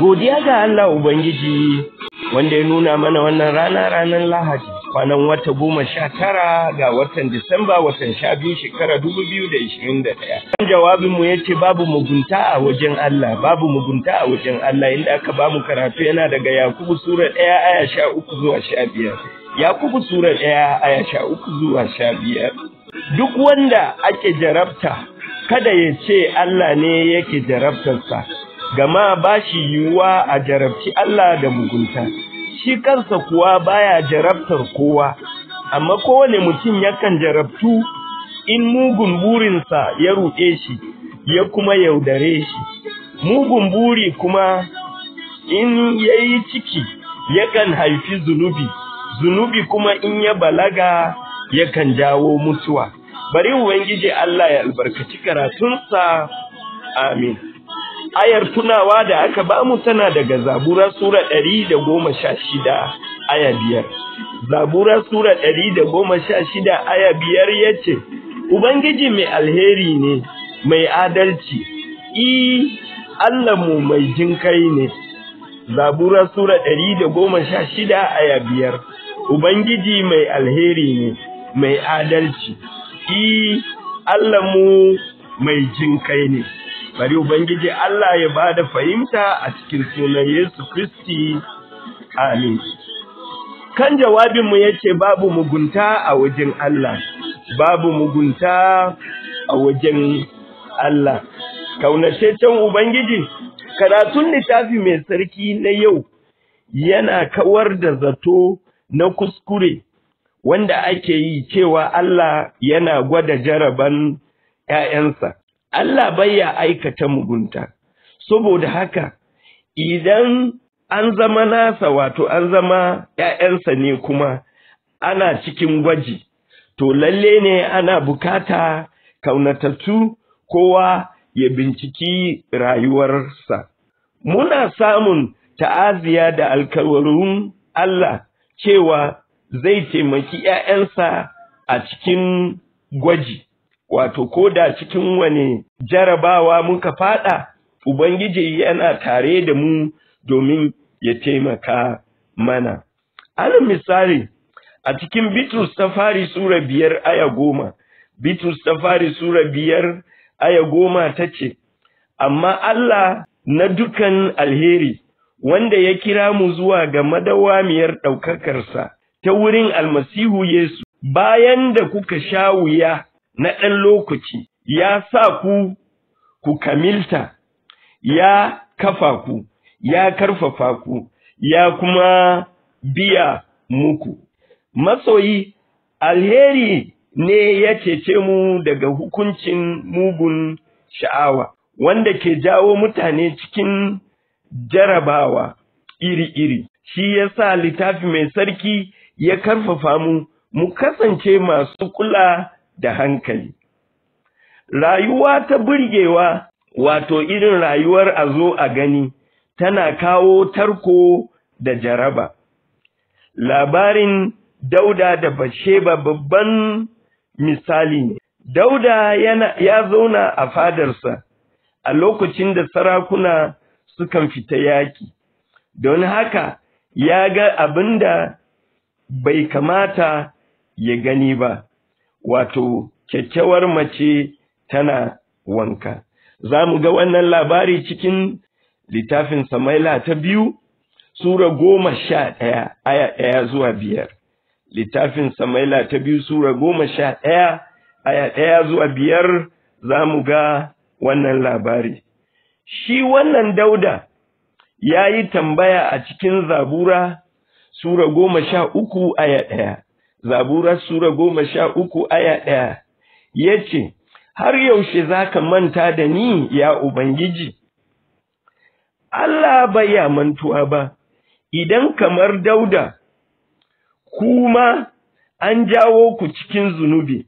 Godiya ga Allah Ubangiji wanda ya nuna mana wannan rana ranar Lahadi kwanan wata goma sha tara ga watan Disamba watan sha biyu shekara dubu biyu da ishirin da ɗaya. Kan jawabinmu ya ce babu mugunta a wajen Allah babu mugunta a wajen Allah inda aka bamu karatu yana daga Yakubu Sura ɗaya aya sha uku zuwa sha biyar. Yakubu Sura ɗaya aya sha uku zuwa sha biyar. Duk wanda ake jarabta kada ya ce Allah ne yake jarabtarsa. gama ba shi yiwuwa a jarabci Allah da mugunta shi kansa kuwa baya jarabtar kowa amma kowane mutum yakan jarabtu in mugun burinsa ya ruɗe shi ya kuma yaudare shi mugun buri kuma in ya yi ciki yakan haifi zunubi zunubi kuma in ya balaga yakan jawo mutuwa bari ubangiji Allah ya albarkaci karatunsa amin ayar tunawa da aka ba mu tana daga zabura sura ɗari da goma sha shida aya biyar zabura sura ɗari da goma sha shida aya biyar ya ce ubangiji mai alheri ne mai adalci i mu mai jinkai ne zabura sura ɗari da goma sha shida aya biyar ubangiji mai alheri ne mai adalci i mu mai jinkai ne bari ubangiji Allah ya ba da fahimta a cikin sunan Yesu Kristi amin kan jawabinmu ya ce babu mugunta a wajen Allah babu mugunta a wajen Allah kaunataccen ubangiji karatun littafi mai sarki na yau yana kawar da zato na kuskure wanda ake yi cewa Allah yana gwada jaraban ‘ya'yansa. Allah bai ya aikata mugunta saboda haka idan an zama nasa wato an zama ‘ya'yansa ne kuma ana cikin gwaji to lalle ne ana bukata kaunatattu kowa ya binciki rayuwarsa muna samun ta'aziya da alkawarin Allah cewa zai taimaki ‘ya'yansa a cikin gwaji wato ko da cikin wani jarabawa muka fada ubangiji yana tare da mu domin ya taimaka mana al misali a cikin bitrus ta fari sura biyar aya goma bitrus ta fari sura biyar aya goma ta ce amma allah na dukan alheri wanda ya kira mu zuwa ga madawamiyar ɗaukakarsa ta wurin almasihu yesu bayan da kuka sha wuya na ɗan lokaci ya sa ku ku kamilta ya kafa ku ya karfafa ku ya kuma biya muku masoyi alheri ne ya cece mu daga hukuncin mugun sha'awa wanda ke jawo mutane cikin jarabawa iri-iri shi ya sa littafi mai sarki ya karfafa mu mu kasance masu kula da hankali rayuwa ta burgewa wato irin rayuwar a zo a gani tana kawo tarko da jaraba labarin dauda da basheba babban misali ne dauda yana, ya zauna a fadarsa a lokacin da sarakuna sukan fita yaki don haka ya ga abin da bai kamata ya gani ba wato kyakkyawar mace tana wanka za mu ga wannan labari cikin littafin samaila ta biyu sura goma sha ɗaya aya ɗaya zuwa biyar littafin samaila ta biyu sura goma sha ɗaya aya ɗaya zuwa biyar za mu ga wannan labari shi wannan dauda ya yi tambaya a cikin zabura sura goma sha uku aya ɗaya zabura sura goma sha uku aya ɗaya ya ce har yaushe za ka manta da ni ya ubangiji Allah bai ya mantuwa ba idan kamar dauda kuma an jawo ku cikin zunubi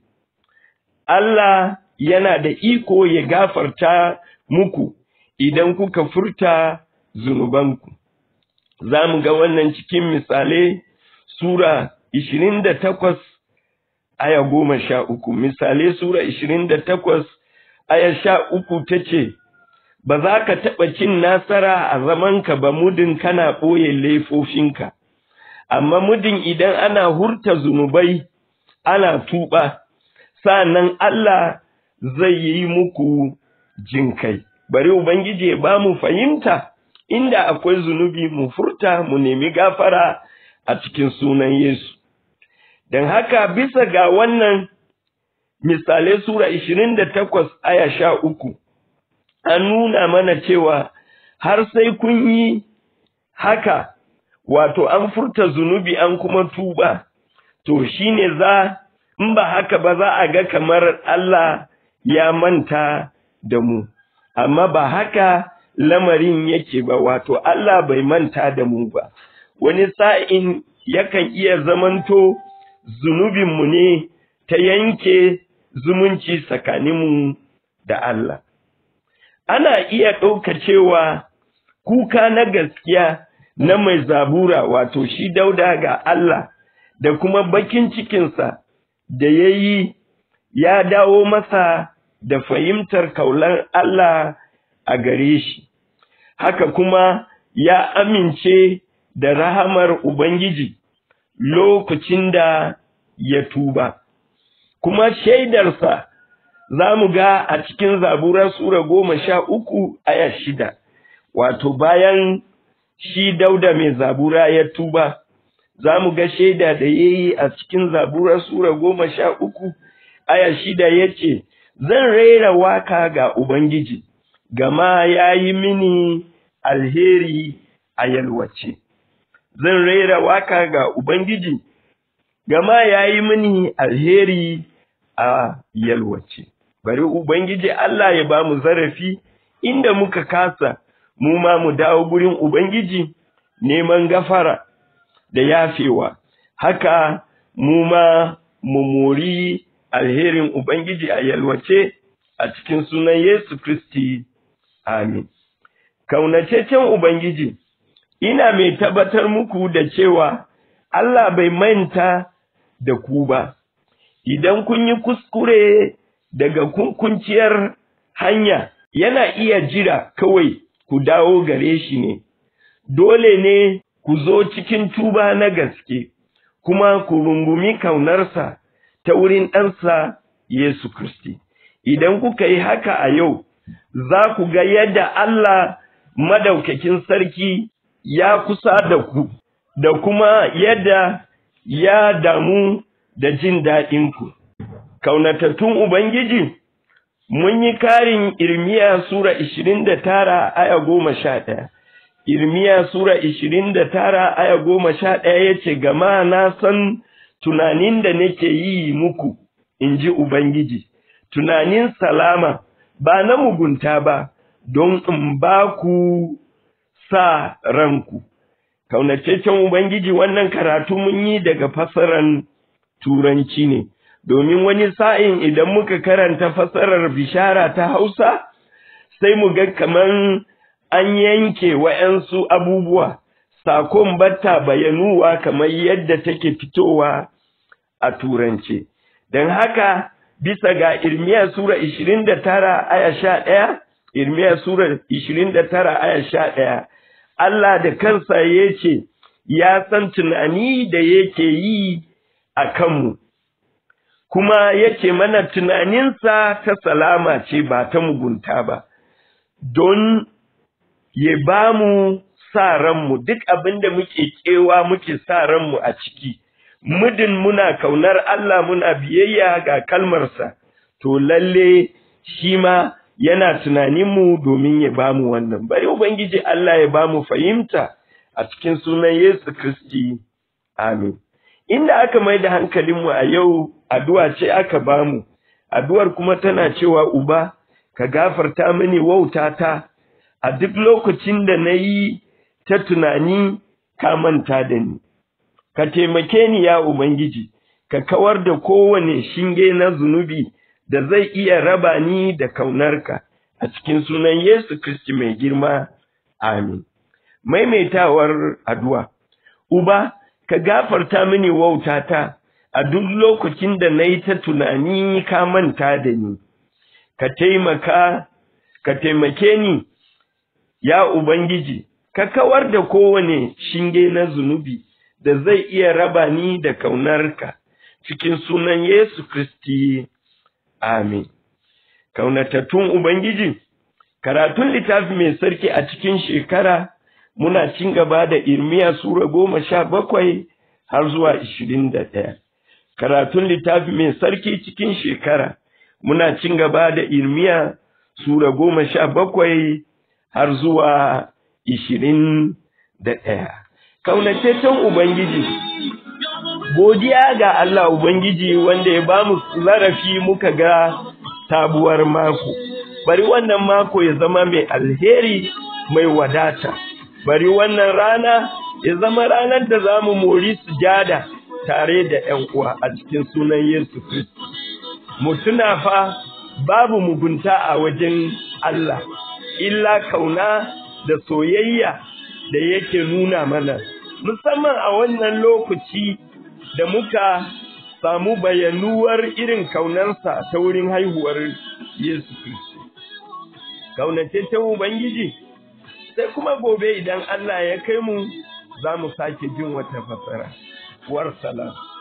Allah yana da iko ya gafarta muku idan kuka furta zunubanku. Za mu ga wannan cikin misalai Sura ishirin da takwas aya goma sha uku misalai sura ishirin da takwas aya sha uku ta ce ba za ka taɓa cin nasara a zamanka ba mudin kana ɓoye laifofinka amma mudin idan ana hurta zunubai ana tuɓa sa'annan Allah zai yi muku jinkai bari ubangiji ya ba mu fahimta inda akwai zunubi mu furta mu nemi gafara a cikin sunan Yesu don haka bisa ga wannan misalai sura 28 aya sha uku an nuna mana cewa har sai kun yi haka wato an furta zunubi an kuma tuba to shine za in ba haka ba za a ga kamar Allah ya manta da mu amma ba haka lamarin yake ba wato Allah bai manta da mu ba wani sa'in yakan iya zamanto zunubinmu ne ta yanke zumunci tsakaninmu da Allah. Ana iya ɗauka cewa kuka na gaskiya na mai zabura wato shi dauda ga Allah da kuma bakin cikinsa da ya yi ya dawo masa da fahimtar kaular Allah a gare shi, haka kuma ya amince da rahamar Ubangiji lokacin da ya tuba kuma shaidarsa za mu ga a cikin zabura sura goma sha uku aya shida wato bayan shi dauda mai zabura ya tuba za mu ga shaida da ya yi a cikin zabura sura goma sha uku aya shida ya ce zan raira waka ga ubangiji gama ya yi mini alheri a yalwace zan raira waka ga Ubangiji, gama ya yi mini alheri a yalwace. Bari Ubangiji Allah ya ba mu zarafi inda muka kasa, mu ma mu dawo gurin Ubangiji neman gafara da yafewa, haka mu ma mu mori alherin Ubangiji a yalwace a cikin sunan Yesu Kristi. Amin. Kaunataccen Ubangiji. ina mai tabbatar muku da cewa Allah bai manta da ku ba, idan kun yi kuskure daga kunkunciyar hanya yana iya jira kawai ku dawo gare shi ne, dole ne ku zo cikin tuba na gaske, kuma ku rungumi kaunarsa ta wurin ɗansa Yesu Kristi. Idan kuka yi haka a yau, za ku ga yadda Allah madaukakin sarki ya kusa da ku da kuma yadda ya damu da jin daɗinku. Kaunatattun Ubangiji, mun yi karin Irmiya Sura ishirin da tara aya goma sha ɗaya. Irmiya Sura ishirin da tara aya goma sha ɗaya ya ce, Gama na san tunanin da nake yi muku, in ji Ubangiji, tunanin salama ba na mugunta ba, don in ba ku sa ranku. Kaunataccen Ubangiji wannan karatu mun yi daga fasaran Turanci ne, domin wani sa'in idan muka karanta fasarar bishara ta Hausa, sai mu ga kaman an yanke wa'yansu abubuwa, sakon batta bayanuwa kamar yadda take fitowa a Turance. Don haka, bisa ga Irmiya Sura 29 aya 11, Irmiya Sura Allah da kansa ya ce ya san tunani da yake yi a kanmu kuma yake mana tunaninsa ta salama ce ba ta mugunta ba don ya ba mu sa ranmu duk abin da muke kewa muke sa ranmu a ciki mudin muna kaunar Allah muna biyayya ga kalmarsa to lalle shi ma yana tunanin mu domin ya bamu wannan bari ubangiji Allah ya bamu fahimta a cikin sunan Yesu Kristi amin inda aka mai da hankalinmu a yau addu'a ce aka bamu addu'ar kuma tana cewa uba ka gafarta mini wautata a duk lokacin da na yi ta tunani ka manta da ni ka taimake ni ya ubangiji ka kawar da kowane shinge na zunubi da zai iya raba ni da kaunarka a cikin sunan Yesu Kristi mai girma. Amin. Maimaitawar addu'a. Uba, ka gafarta mini wautata a duk lokacin da na yi ta tunani ka manta da ni. Ka taimaka, ka taimake ni, ya Ubangiji, ka kawar da kowane shinge na zunubi da zai iya raba ni da kaunarka cikin sunan Yesu Kristi. amin kaunatattun ubangiji karatun littafi mai sarki a cikin shekara muna cin gaba da irmiya sura goma sha bakwai har zuwa ishirin da ɗaya karatun littafi mai sarki cikin shekara muna cin gaba da irmiya sura goma sha bakwai har zuwa ishirin da ɗaya kaunataccen ubangiji godiya ga Allah Ubangiji wanda ya ba mu zarafi muka ga sabuwar mako. Bari wannan mako ya zama mai alheri mai wadata. Bari wannan rana ya zama ranar da za mu mori sujada tare da ‘yan uwa a cikin sunan Yesu Kristi. Mu tuna fa babu mugunta a wajen Allah, illa kauna da soyayya da yake nuna mana, musamman a wannan lokaci. da muka samu bayanuwar irin kaunansa ta wurin haihuwar Yesu Kiristi. Kaunace ta Ubangiji, sai kuma gobe idan Allah ya kai mu za mu sake jin wata fasara. War salam.